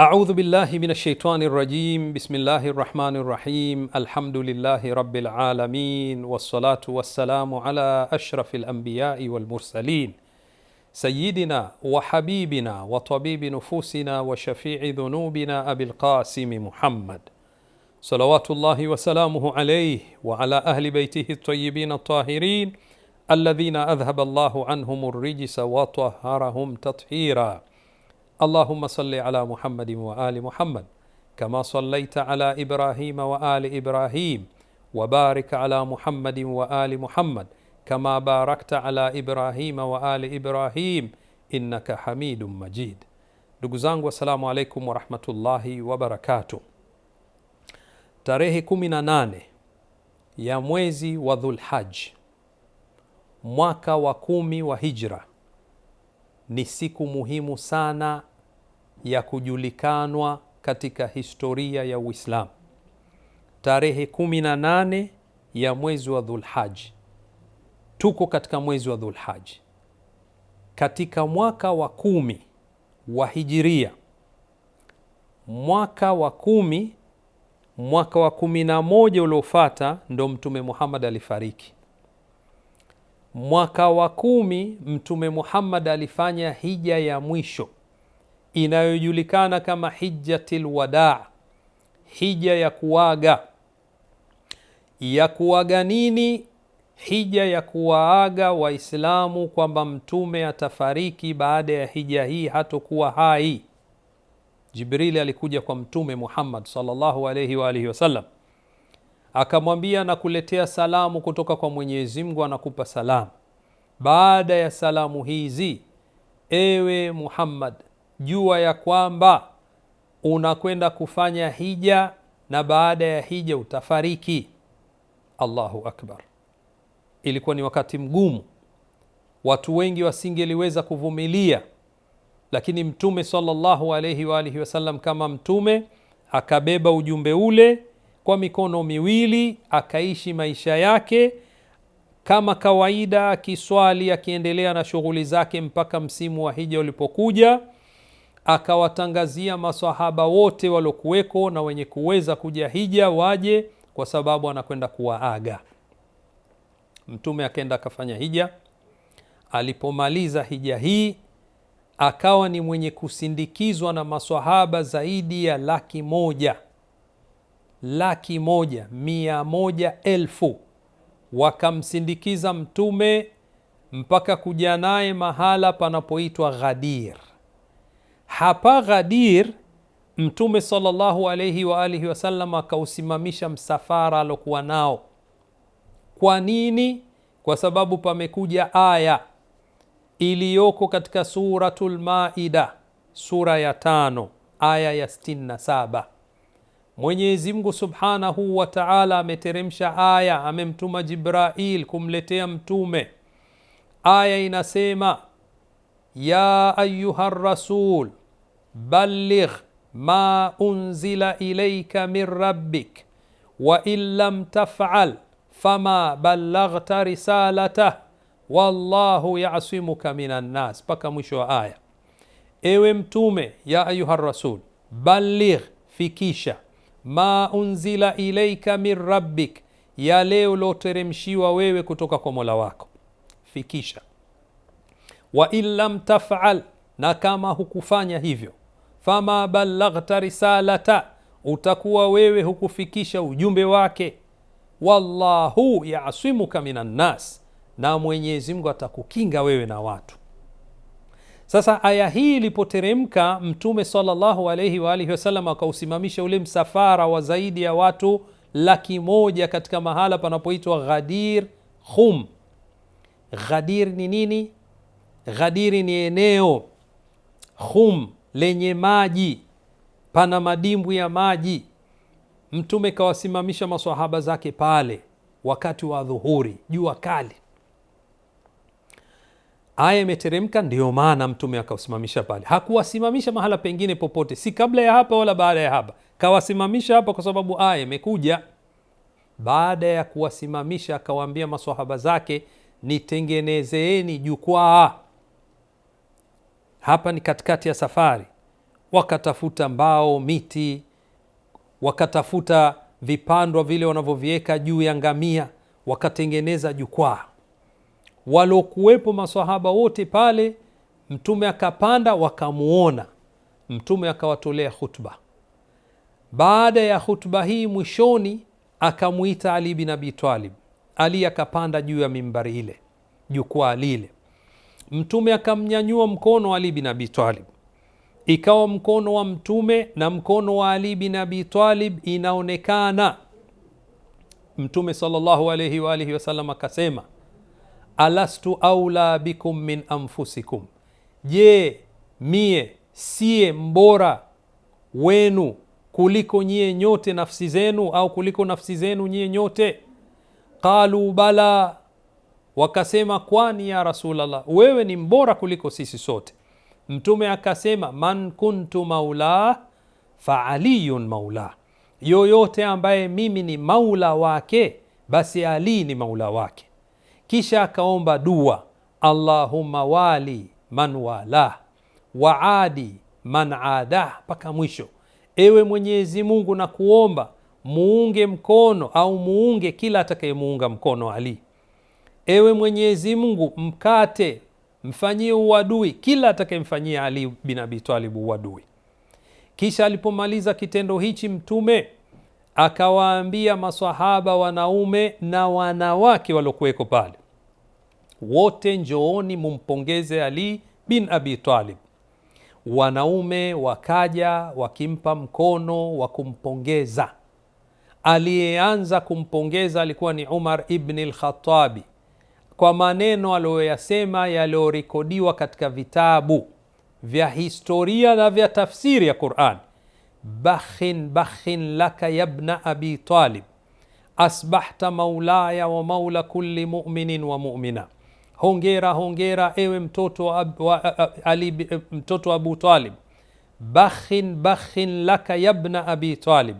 أعوذ بالله من الشيطان الرجيم بسم الله الرحمن الرحيم الحمد لله رب العالمين والصلاة والسلام على أشرف الأنبياء والمرسلين سيدنا وحبيبنا وطبيب نفوسنا وشفيع ذنوبنا أبي القاسم محمد صلوات الله وسلامه عليه وعلى أهل بيته الطيبين الطاهرين الذين أذهب الله عنهم الرجس وطهرهم تطهيراً allahumma salli ala muhammadin wa ali muhammad kama sallaita ala ibrahima wa ali ibrahim wabarik ala muhammadin wa ali muhammad kama barakta ala ibrahima wa ali ibrahim innaka hamidun majid ndugu zangu assalamu alaikum warahmatullahi wabarakatuh tarehe 18 ya mwezi wa dhulhaj mwaka wa kumi wa hijra ni siku muhimu sana ya kujulikanwa katika historia ya Uislamu. Tarehe 18 ya mwezi wa Dhulhaji, tuko katika mwezi wa Dhulhaji katika mwaka wa kumi wa Hijiria, mwaka wa kumi mwaka wa kumi na moja uliofata ndo Mtume Muhammad alifariki. Mwaka wa kumi Mtume Muhammad alifanya hija ya mwisho inayojulikana kama hijjati lwadaa, hija ya kuaga. Ya kuaga nini? Hija ya kuwaaga Waislamu kwamba Mtume atafariki baada ya hija hii, hatokuwa hai. Jibrili alikuja kwa Mtume Muhammad sallallahu alaihi wa alihi wasallam akamwambia, nakuletea salamu kutoka kwa Mwenyezi Mungu, anakupa salamu. Baada ya salamu hizi, ewe Muhammad, jua ya kwamba unakwenda kufanya hija na baada ya hija utafariki. Allahu akbar! Ilikuwa ni wakati mgumu, watu wengi wasingeliweza kuvumilia, lakini Mtume sallallahu alaihi wa alihi wasallam kama mtume akabeba ujumbe ule kwa mikono miwili, akaishi maisha yake kama kawaida, akiswali, akiendelea na shughuli zake mpaka msimu wa hija ulipokuja. Akawatangazia masahaba wote waliokuweko na wenye kuweza kuja hija waje, kwa sababu anakwenda kuwaaga. Mtume akaenda akafanya hija. Alipomaliza hija hii akawa ni mwenye kusindikizwa na maswahaba zaidi ya laki moja laki moja mia moja elfu wakamsindikiza Mtume mpaka kuja naye mahala panapoitwa Ghadir. Hapa Ghadir, Mtume sallallahu alaihi wa alihi wasallam akausimamisha msafara alokuwa nao. Kwa nini? Kwa sababu pamekuja aya iliyoko katika suratu lmaida sura ya tano aya ya 67 Mwenyezi Mungu Subhanahu wa Ta'ala ameteremsha aya, amemtuma Jibrail kumletea mtume. Aya inasema ya ayuha rasul balligh ma unzila ilaika min rabbik wa in lam taf'al fama ballaghta risalatah wallahu yasimuka minan nas, mpaka mwisho wa aya. Ewe mtume, ya ayuha rasul balligh, fikisha ma unzila ilaika min rabbik, yale ulioteremshiwa wewe kutoka kwa mola wako fikisha. Wa in lam tafal, na kama hukufanya hivyo, fama ballaghta risalata, utakuwa wewe hukufikisha ujumbe wake. Wallahu yasimuka minan nas, na Mwenyezi Mungu atakukinga wewe na watu sasa aya hii ilipoteremka, Mtume sallallahu alaihi waalihi wasallam akausimamisha ule msafara wa zaidi ya watu laki moja katika mahala panapoitwa Ghadir Khum. Ghadir ni nini? Ghadiri ni eneo, Khum lenye maji, pana madimbu ya maji. Mtume kawasimamisha masahaba zake pale wakati wa dhuhuri, jua kali aya imeteremka, ndiyo maana Mtume akausimamisha pale. Hakuwasimamisha mahala pengine popote, si kabla ya hapa wala baada ya hapa. Kawasimamisha hapa kwa sababu aya imekuja. Baada ya kuwasimamisha, akawaambia masahaba zake, nitengenezeeni jukwaa hapa. Ni katikati ya safari, wakatafuta mbao, miti, wakatafuta vipandwa vile wanavyoviweka juu ya ngamia, wakatengeneza jukwaa walokuwepo masahaba wote pale. Mtume akapanda wakamuona, Mtume akawatolea khutba. Baada ya khutba hii mwishoni, akamwita Ali bin Abi Talib. Ali akapanda juu ya mimbari ile, jukwaa lile, Mtume akamnyanyua mkono Ali bin Abi Talib, ikawa mkono wa Mtume na mkono wa Ali bin Abi Talib inaonekana. Mtume sallallahu alaihi waalihi wasalam akasema akasema alastu aula bikum min anfusikum, je, mie siye mbora wenu kuliko nyie nyote nafsi zenu, au kuliko nafsi zenu nyie nyote? Qalu bala, wakasema kwani ya Rasulallah, wewe ni mbora kuliko sisi sote. Mtume akasema man kuntu maula fa aliyun maula, yoyote ambaye mimi ni maula wake, basi Ali ni maula wake. Kisha akaomba dua, allahumma wali man walah waadi man adah, mpaka mwisho. Ewe Mwenyezi Mungu, na kuomba muunge mkono au muunge kila atakayemuunga mkono Ali. Ewe Mwenyezi Mungu, mkate mfanyie uadui kila atakayemfanyia Ali bin abitalibu uadui. Kisha alipomaliza kitendo hichi Mtume akawaambia maswahaba wanaume na wanawake waliokuweko pale wote, njooni mumpongeze Ali bin Abi Talib. Wanaume wakaja wakimpa mkono wa kumpongeza. Aliyeanza kumpongeza alikuwa ni Umar ibni lkhatabi kwa maneno aliyoyasema yaliyorekodiwa katika vitabu vya historia na vya tafsiri ya qurani bakhin bakhin laka yabna abi talib asbahta maulaya wa maula kulli muminin wa mumina, hongera hongera ewe mtoto wa, wa, ali, e, mtoto Abu Talib. Bakhin bakhin laka yabna abi talib,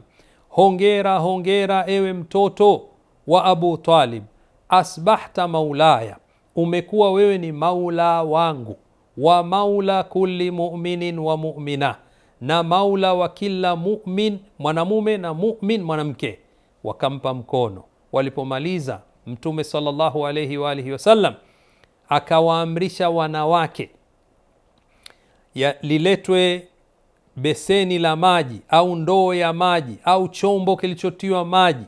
hongera hongera ewe mtoto wa Abu Talib. Asbahta maulaya, umekuwa wewe ni maula wangu, wa maula kulli muminin wa mumina na maula wa kila mumin mwanamume na mumin mwanamke, wakampa mkono. Walipomaliza, Mtume sallallahu alaihi waalihi wasallam akawaamrisha wanawake ya liletwe beseni la maji au ndoo ya maji au chombo kilichotiwa maji,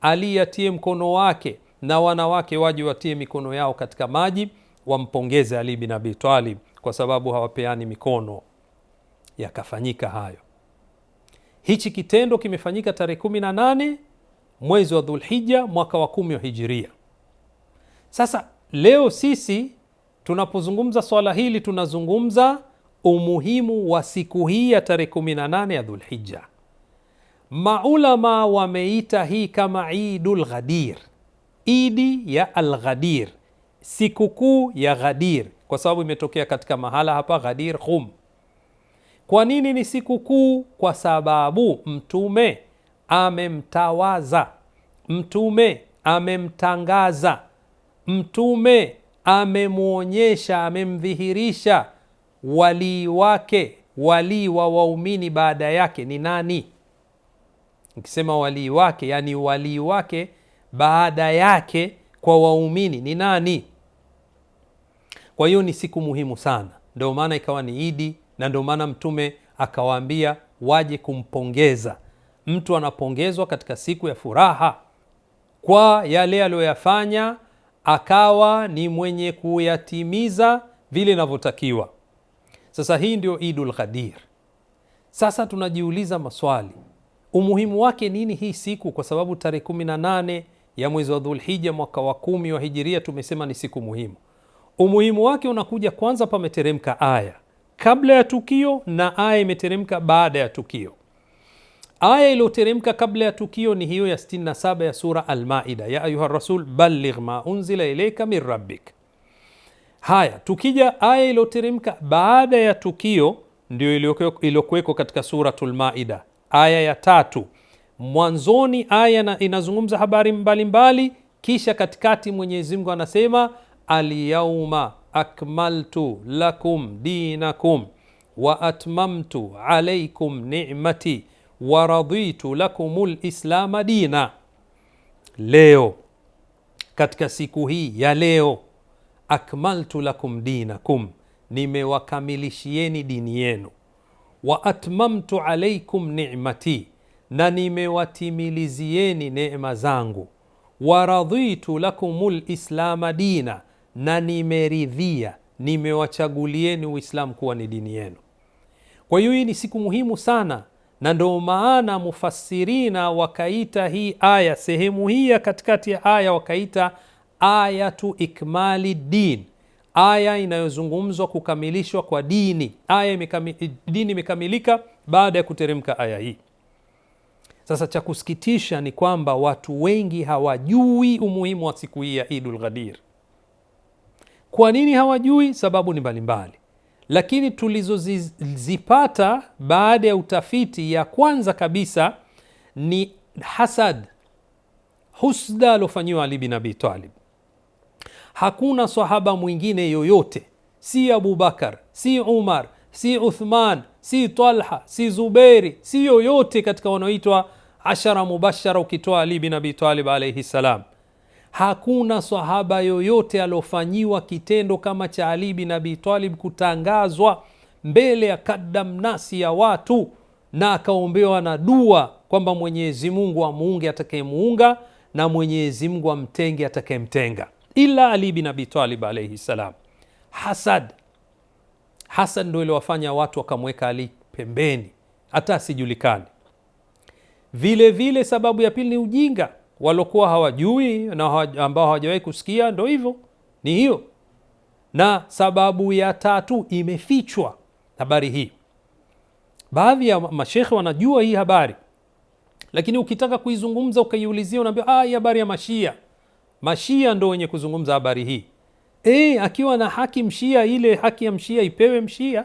Ali atie mkono wake na wanawake waje watie mikono yao katika maji, wampongeze Ali bin abitalib kwa sababu hawapeani mikono yakafanyika hayo. Hichi kitendo kimefanyika tarehe 18 mwezi wa Dhulhija mwaka wa kumi wa Hijiria. Sasa leo sisi tunapozungumza swala hili tunazungumza umuhimu wa siku hii ya tarehe 18 ya Dhulhija. Maulama wameita hii kama Idul Ghadir, idi ya Alghadir, sikukuu ya Ghadir, kwa sababu imetokea katika mahala hapa Ghadir Khum. Kwa nini ni siku kuu Kwa sababu Mtume amemtawaza, Mtume amemtangaza, Mtume amemwonyesha, amemdhihirisha walii wake. Walii wa waumini baada yake ni nani? Nikisema walii wake, yani walii wake baada yake kwa waumini ni nani? Kwa hiyo ni siku muhimu sana, ndio maana ikawa ni Idi na ndio maana Mtume akawaambia waje kumpongeza. Mtu anapongezwa katika siku ya furaha kwa yale aliyoyafanya, akawa ni mwenye kuyatimiza vile inavyotakiwa. Sasa hii ndio Idul Ghadir. Sasa tunajiuliza maswali, umuhimu wake nini hii siku? Kwa sababu tarehe 18 ya mwezi wa Dhulhija mwaka wa kumi wa Hijiria tumesema ni siku muhimu. Umuhimu wake unakuja kwanza, pameteremka aya kabla ya tukio na aya imeteremka baada ya tukio. Aya iliyoteremka kabla ya tukio ni hiyo ya 67 ya sura Almaida, ya ayuha rasul balligh ma unzila ilaika min rabbik. Haya, tukija aya iliyoteremka baada ya tukio ndio iliyokuweko katika suratul lmaida aya ya tatu. Mwanzoni aya inazungumza habari mbalimbali mbali, kisha katikati Mwenyezi Mungu anasema alyauma akmaltu lakum dinakum wa atmamtu alaikum nimati wa raditu lakumul islama dina. Leo katika siku hii ya leo, akmaltu lakum dinakum, nimewakamilishieni dini yenu, wa atmamtu alaikum nimati, na nimewatimilizieni neema zangu, wa raditu lakumul islama dina na nimeridhia, nimewachagulieni Uislamu kuwa ni dini yenu. Kwa hiyo hii ni siku muhimu sana, na ndo maana mufasirina wakaita hii aya, sehemu hii ya katikati ya aya wakaita ayatu ikmali din, aya inayozungumzwa kukamilishwa kwa dini. Aya imekami, dini imekamilika baada ya kuteremka aya hii. Sasa cha kusikitisha ni kwamba watu wengi hawajui umuhimu wa siku hii ya Idul Ghadir. Kwa nini hawajui? Sababu ni mbalimbali, lakini tulizozipata baada ya utafiti, ya kwanza kabisa ni hasad, husda aliofanyiwa Ali bin abitalib Hakuna sahaba mwingine yoyote, si Abubakar, si Umar, si Uthman, si Talha, si Zubeiri, si yoyote katika wanaoitwa ashara mubashara, ukitoa Ali bin abitalib alaihi salam Hakuna sahaba yoyote aliofanyiwa kitendo kama cha Ali bin Abi Talib kutangazwa mbele ya kadam nasi ya watu na akaombewa na dua kwamba Mwenyezi Mungu amuunge atakayemuunga na Mwenyezi Mungu amtenge atakayemtenga, ila Ali bin Abi Talib alaihi ssalam Hasad, hasad ndo iliwafanya watu wakamweka Ali pembeni hata asijulikane. Vilevile sababu ya pili ni ujinga walokuwa hawajui na ambao hawajawahi kusikia, ndo hivyo ni hiyo. Na sababu ya tatu imefichwa habari hii. Baadhi ya mashekhe wanajua hii habari, lakini ukitaka kuizungumza ukaiulizia, unaambia ah, hii habari ya mashia, mashia ndo wenye kuzungumza habari hii. E, akiwa na haki mshia, ile haki ya mshia ipewe mshia.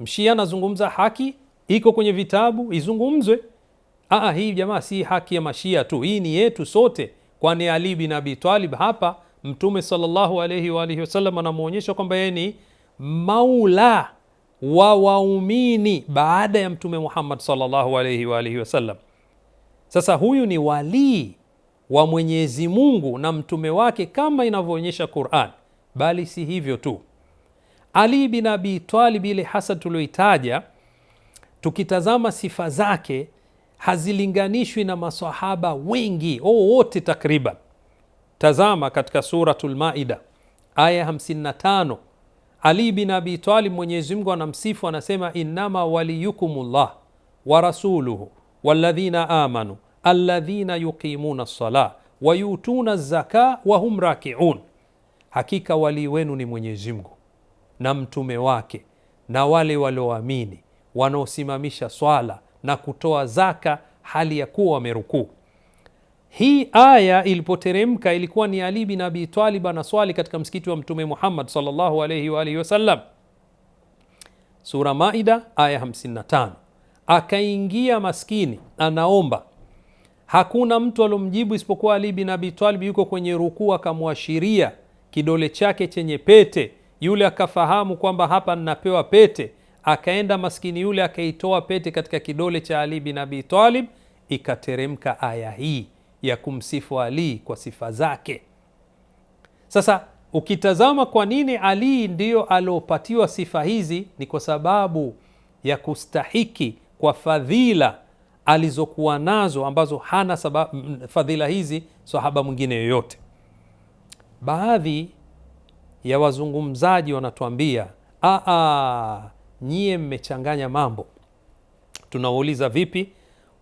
Mshia anazungumza haki, iko kwenye vitabu, izungumzwe. Aa, ah, ah, hii jamaa si haki ya mashia tu, hii ni yetu sote, kwani Ali bin Abi Talib hapa Mtume sallallahu alayhi wa alihi wasallam anamuonyesha kwamba yeye ni maula wa waumini baada ya Mtume Muhammad sallallahu alayhi wa alihi wasallam. Sasa huyu ni walii wa Mwenyezi Mungu na mtume wake kama inavyoonyesha Qur'an, bali si hivyo tu. Ali bin Abi Talib, ile hasa tulioitaja, tukitazama sifa zake hazilinganishwi na masahaba wengi o wote takriban. Tazama katika surat lmaida aya 55, Ali bin Abi Talib, Mwenyezi anamsifu anasema, innama waliyukum llah wa rasuluhu waladhina amanu aladhina yuqimuna lsala wayutuna zaka wahum rakiun, hakika walii wenu ni mwenyezimngu na mtume wake na wale walioamini wanaosimamisha swala na kutoa zaka hali ya kuwa wamerukuu. Hii aya ilipoteremka ilikuwa ni Ali bin Abi Talib anaswali katika msikiti wa Mtume Muhammad sallallahu alayhi wa alihi wasallam, sura Maida aya 55. Akaingia maskini anaomba, hakuna mtu aliomjibu isipokuwa Ali bin Abi Talib yuko kwenye rukuu, akamwashiria kidole chake chenye pete. Yule akafahamu kwamba hapa ninapewa pete, akaenda maskini yule akaitoa pete katika kidole cha Ali bin Abi Talib, ikateremka aya hii ya kumsifu Ali kwa sifa zake. Sasa ukitazama kwa nini Ali ndiyo aliopatiwa sifa hizi, ni kwa sababu ya kustahiki kwa fadhila alizokuwa nazo ambazo hana sababu, fadhila hizi sahaba mwingine yoyote. Baadhi ya wazungumzaji wanatuambia aa nyie mmechanganya mambo. Tunawauliza vipi?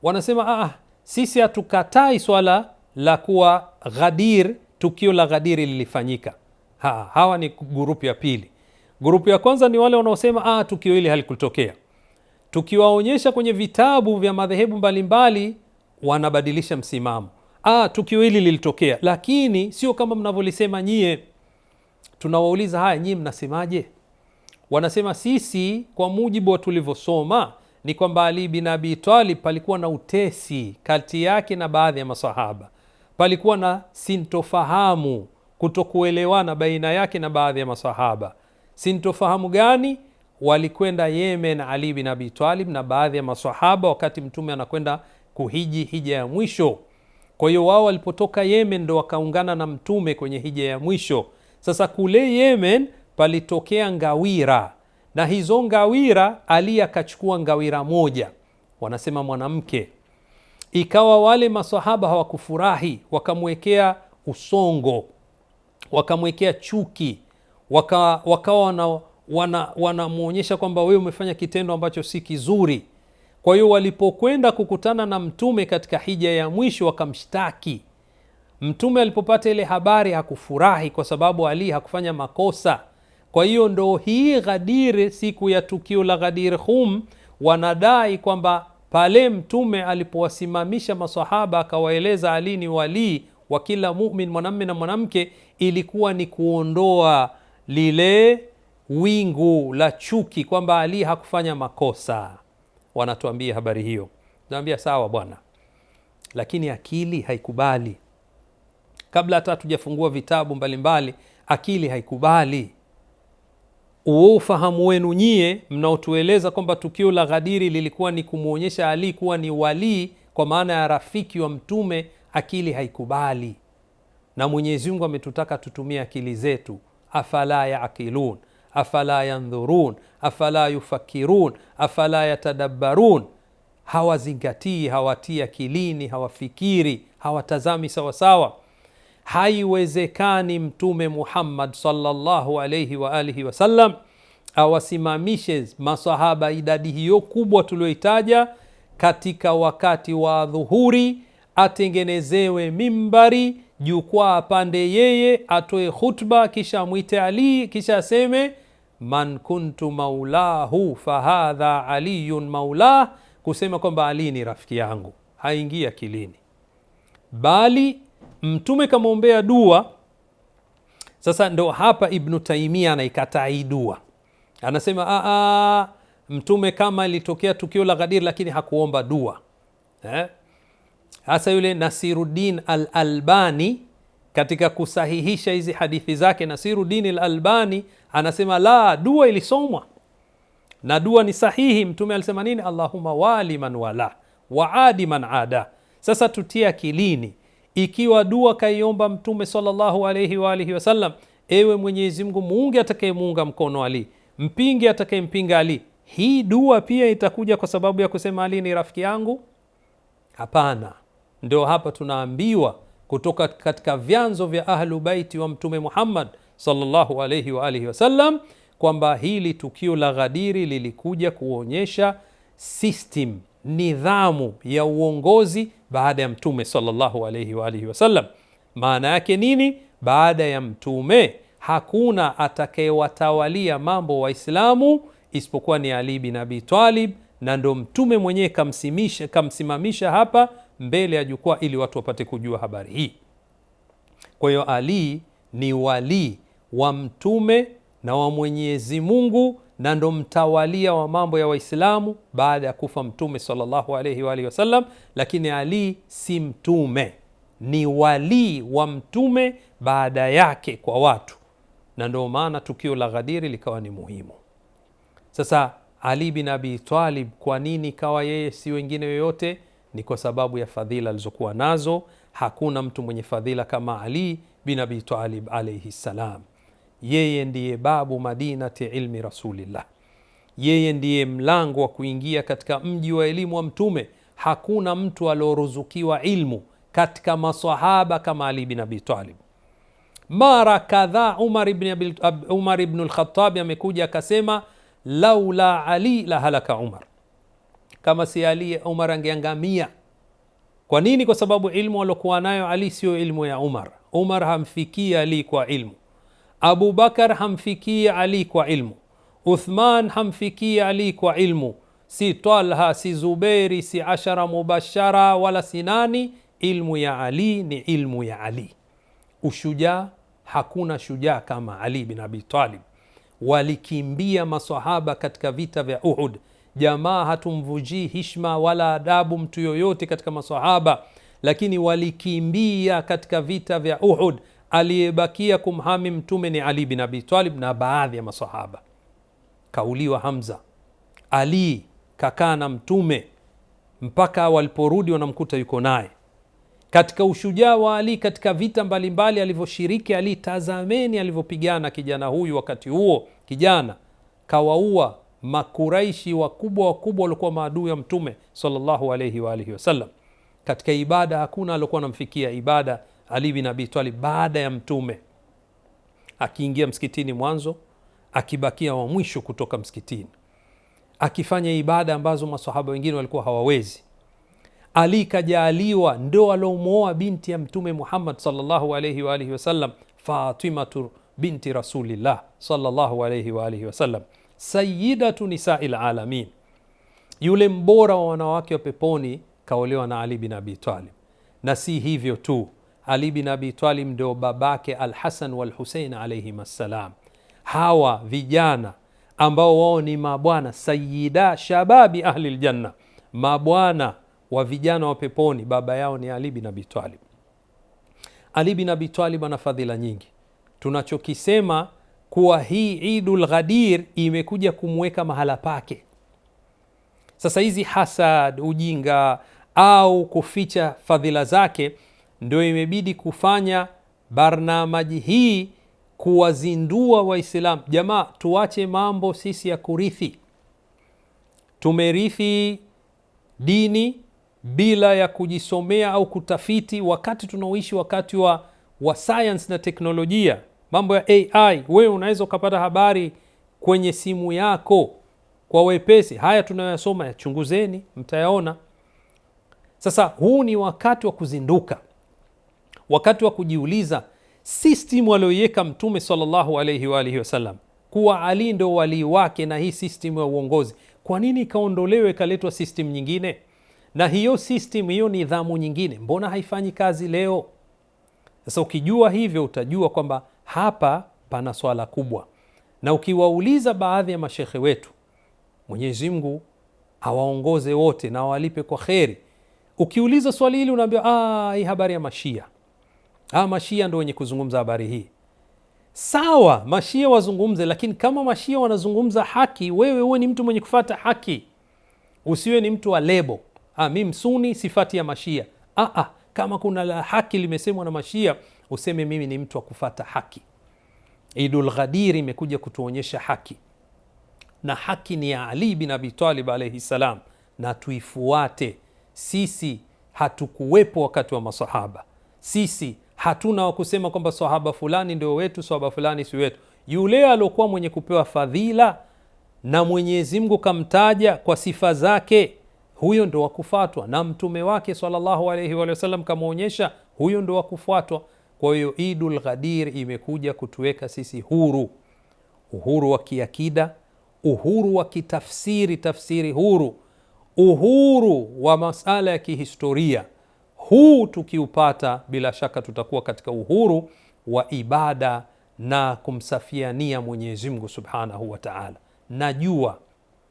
Wanasema ah, ah, sisi hatukatai swala la kuwa Ghadir, tukio la Ghadiri lilifanyika. Ha, hawa ni grupu ya pili. Grupu ya kwanza ni wale wanaosema ah, tukio hili halikutokea. Tukiwaonyesha kwenye vitabu vya madhehebu mbalimbali, wanabadilisha msimamo. Ah, tukio hili lilitokea, lakini sio kama mnavyolisema nyie. Tunawauliza haya, nyie mnasemaje? Wanasema sisi kwa mujibu wa tulivyosoma ni kwamba Ali bin Abi Talib palikuwa na utesi kati yake na baadhi ya masahaba, palikuwa na sintofahamu, kutokuelewana baina yake na baadhi ya masahaba. Sintofahamu gani? Walikwenda Yemen Ali bin Abi Talib na baadhi ya masahaba wakati Mtume anakwenda kuhiji hija ya mwisho. Kwa hiyo wao walipotoka Yemen ndo wakaungana na Mtume kwenye hija ya mwisho. Sasa kule Yemen palitokea ngawira, na hizo ngawira Ali akachukua ngawira moja, wanasema mwanamke. Ikawa wale masahaba hawakufurahi, wakamwekea usongo, wakamwekea chuki, wakawa waka wanamwonyesha wana kwamba wewe umefanya kitendo ambacho si kizuri. Kwa hiyo walipokwenda kukutana na Mtume katika hija ya mwisho wakamshtaki Mtume. Alipopata ile habari hakufurahi, kwa sababu Ali hakufanya makosa. Kwa hiyo ndo hii ghadiri siku ya tukio la Ghadir hum wanadai kwamba pale Mtume alipowasimamisha masahaba akawaeleza Ali ni walii wa kila mumin, mwanamme na mwanamke, ilikuwa ni kuondoa lile wingu la chuki kwamba Ali hakufanya makosa. Wanatuambia habari hiyo, naambia sawa bwana, lakini akili haikubali. Kabla hata hatujafungua vitabu mbalimbali, akili haikubali uo ufahamu wenu nyie mnaotueleza kwamba tukio la Ghadiri lilikuwa ni kumwonyesha Ali kuwa ni walii kwa maana ya rafiki wa Mtume, akili haikubali, na Mwenyezi Mungu ametutaka tutumie akili zetu. Afala yaaqilun afala yandhurun afala yufakirun afala yatadabbarun, hawazingatii, hawatii akilini, hawafikiri, hawatazami sawasawa haiwezekani Mtume Muhammad salllahu alaihi wa alihi wasallam awasimamishe masahaba idadi hiyo kubwa tuliyohitaja katika wakati wa dhuhuri, atengenezewe mimbari jukwaa, apande yeye, atoe khutba, kisha amwite alii kisha aseme man kuntu maulahu fahadha aliyun maulah, kusema kwamba Ali ni rafiki yangu, haingia kilini bali Mtume kamwombea dua. Sasa ndo hapa Ibnu Taimia anaikataa hii dua, anasema aa, ah, ah, Mtume kama ilitokea tukio la Ghadir lakini hakuomba dua eh? hasa eh? Yule nasirudin al Albani katika kusahihisha hizi hadithi zake nasirudin al Albani anasema la, dua ilisomwa na dua ni sahihi. Mtume alisema nini? allahuma wali man wala waadi man ada. Sasa tutie akilini ikiwa dua kaiomba Mtume sallallahu alaihi wa alihi wasallam, ewe Mwenyezi Mungu muunge atakayemuunga mkono Ali, mpinge atakayempinga Ali. Hii dua pia itakuja kwa sababu ya kusema Ali ni rafiki yangu? Hapana. Ndio hapa tunaambiwa kutoka katika vyanzo vya Ahlu Baiti wa Mtume Muhammad sallallahu alaihi wa alihi wasallam kwamba hili tukio la Ghadiri lilikuja kuonyesha system nidhamu ya uongozi baada ya Mtume sallallahu alaihi wa alihi wasallam. Maana yake nini? Baada ya Mtume hakuna atakayewatawalia mambo Waislamu isipokuwa ni Ali bin Abi Talib, na ndo Mtume mwenyewe kamsimamisha hapa mbele ya jukwaa ili watu wapate kujua habari hii. Kwa hiyo Ali ni walii wa Mtume na wa Mwenyezi Mungu na ndo mtawalia wa mambo ya Waislamu baada ya kufa Mtume sallallahu alaihi wa alihi wasallam. Lakini Ali si mtume, ni walii wa mtume baada yake kwa watu, na ndo maana tukio la Ghadiri likawa ni muhimu. Sasa Ali bin Abi Talib, kwa nini ikawa yeye si wengine yoyote? Ni kwa sababu ya fadhila alizokuwa nazo. Hakuna mtu mwenye fadhila kama Ali bin Abi Talib alaihi ssalam yeye ndiye babu madinati ilmi rasulillah, yeye ndiye mlango wa kuingia katika mji wa elimu wa Mtume. Hakuna mtu alioruzukiwa ilmu katika masahaba kama Ali bin Abi Talib. Mara kadhaa Umar ibn, Umar ibn al amekuja akasema, laula Ali la halaka Umar, kama si Ali Umar angeangamia. Kwa nini? Kwa sababu ilmu aliokuwa nayo Ali siyo ilmu ya Umar. Umar hamfikii Ali kwa ilmu Abu Bakar hamfikii Ali kwa ilmu, Uthman hamfikii Ali kwa ilmu, si Talha, si Zuberi, si Ashara Mubashara wala si nani. Ilmu ya Ali ni ilmu ya Ali. Ushujaa, hakuna shujaa kama Ali bin Abi Talib. Walikimbia masahaba katika vita vya Uhud. Jamaa, hatumvujii hishma wala adabu mtu yoyote katika masahaba, lakini walikimbia katika vita vya Uhud aliyebakia kumhami mtume ni Ali bin Abi Talib na baadhi ya masahaba. Kauliwa Hamza, Ali kakaa na mtume mpaka waliporudi wanamkuta yuko naye. Katika ushujaa wa Ali katika vita mbalimbali alivyoshiriki Ali, tazameni alivyopigana kijana huyu. Wakati huo kijana kawaua Makuraishi wakubwa wakubwa waliokuwa maadui ya mtume sallallahu alaihi waalihi wasallam. Katika ibada hakuna aliokuwa anamfikia ibada ali bin Abi Talib baada ya Mtume akiingia msikitini mwanzo, akibakia wa mwisho kutoka msikitini, akifanya ibada ambazo masahaba wengine walikuwa hawawezi. Ali kajaaliwa ndo alomwoa binti ya Mtume Muhammad sallallahu alaihi wa alihi wasallam, Fatimatu binti Rasulillah sallallahu alaihi wa alihi wasallam, sayidatu nisai lalamin, yule mbora wa wanawake wa peponi, kaolewa na Ali bin Abi Talib. Na si hivyo tu ali bin Abi Talib ndio babake Alhasan Walhusein alaihim assalam. Hawa vijana ambao wao ni mabwana sayida shababi ahli ljanna, mabwana wa vijana wa peponi, baba yao ni Ali bin Abi Talib. Ali bin Abi Talib ana fadhila nyingi. Tunachokisema kuwa hii Idul Ghadir imekuja kumweka mahala pake. Sasa hizi hasad, ujinga au kuficha fadhila zake ndio imebidi kufanya barnamaji hii kuwazindua Waislamu. Jamaa, tuache mambo sisi ya kurithi. Tumerithi dini bila ya kujisomea au kutafiti, wakati tunaoishi, wakati wa, wa sayansi na teknolojia, mambo ya AI. Wewe unaweza ukapata habari kwenye simu yako kwa wepesi. Haya tunayoyasoma yachunguzeni, mtayaona. Sasa huu ni wakati wa kuzinduka wakati wa kujiuliza system walioiweka Mtume salllahu alaihi waalihi wasallam kuwa Ali ndo walii wake na hii system ya uongozi, kwa nini ikaondolewa ikaletwa system nyingine? Na hiyo system hiyo nidhamu nyingine, mbona haifanyi kazi leo? Sasa ukijua hivyo, utajua kwamba hapa pana swala kubwa, na ukiwauliza baadhi ya mashekhe wetu, Mwenyezi Mungu awaongoze wote na awalipe kwa kheri, ukiuliza swali hili unaambiwa ah, hii habari ya mashia ah, mashia ndo wenye kuzungumza habari hii. Sawa, mashia wazungumze, lakini kama mashia wanazungumza haki, wewe huwe ni mtu mwenye kufata haki, usiwe ni mtu wa lebo. Ah, mi msuni sifati ya mashia. Ah, ah, kama kuna la haki limesemwa na mashia useme mimi ni mtu wa kufata haki. Idul Ghadiri imekuja kutuonyesha haki na haki ni ya Ali bin Abi Talib alaihi salam, na tuifuate sisi. Hatukuwepo wakati wa masahaba sisi hatuna wa kusema kwamba sahaba fulani ndio wetu, sahaba fulani si wetu. Yule aliokuwa mwenye kupewa fadhila na Mwenyezi Mungu kamtaja kwa sifa zake, huyo ndo wakufuatwa na mtume wake sallallahu wa sallam kamwonyesha, huyo ndo wakufuatwa. Kwa hiyo Idul Ghadir imekuja kutuweka sisi huru, uhuru wa kiakida, uhuru wa kitafsiri, tafsiri huru, uhuru wa masala ya kihistoria huu tukiupata, bila shaka tutakuwa katika uhuru wa ibada na kumsafiania Mwenyezi Mungu subhanahu wa taala. Najua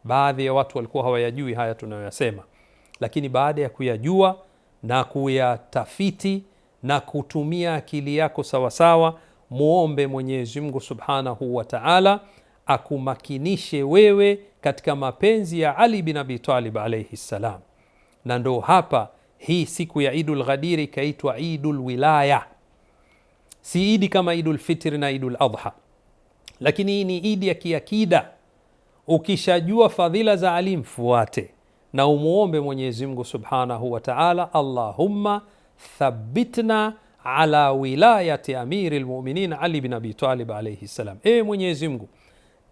baadhi ya watu walikuwa hawayajui haya tunayoyasema, lakini baada ya kuyajua na kuyatafiti na kutumia akili yako sawasawa, mwombe Mwenyezi Mungu subhanahu wa taala akumakinishe wewe katika mapenzi ya Ali bin Abi Talib alaihi ssalam, na ndo hapa hii siku ya Idul Ghadiri ikaitwa Idul Wilaya, si idi kama Idul Fitri na Idul Adha, lakini hii ni idi ya kiakida. Ukishajua fadhila za Ali, mfuate na umuombe Mwenyezi Mungu subhanahu wa taala, Allahumma thabbitna ala wilayati amiri lmuminin Ali bin Abi Talib alaihi ssalam. Ewe Mwenyezi Mungu,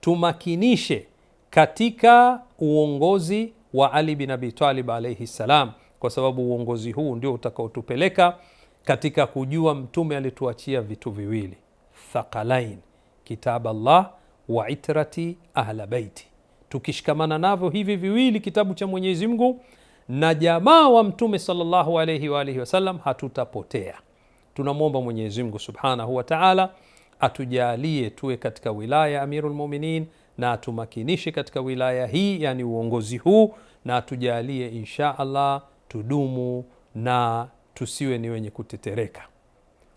tumakinishe katika uongozi wa Ali bin Abi Talib alaihi ssalam kwa sababu uongozi huu ndio utakaotupeleka katika kujua Mtume alituachia vitu viwili thaqalain, kitab Allah wa itrati ahla baiti. Tukishikamana navyo hivi viwili, kitabu cha Mwenyezi Mungu na jamaa wa Mtume sallallahu alayhi wa alihi wasallam, hatutapotea. Tunamwomba Mwenyezi Mungu subhanahu wa taala atujalie tuwe katika wilaya Amirul Muminin na atumakinishe katika wilaya hii, yani uongozi huu, na atujalie insha Allah tudumu na tusiwe ni wenye kutetereka.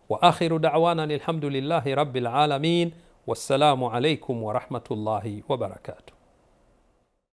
Wa akhiru da'wana alhamdulillahi rabbil alamin. Wassalamu alaikum warahmatullahi wabarakatuh.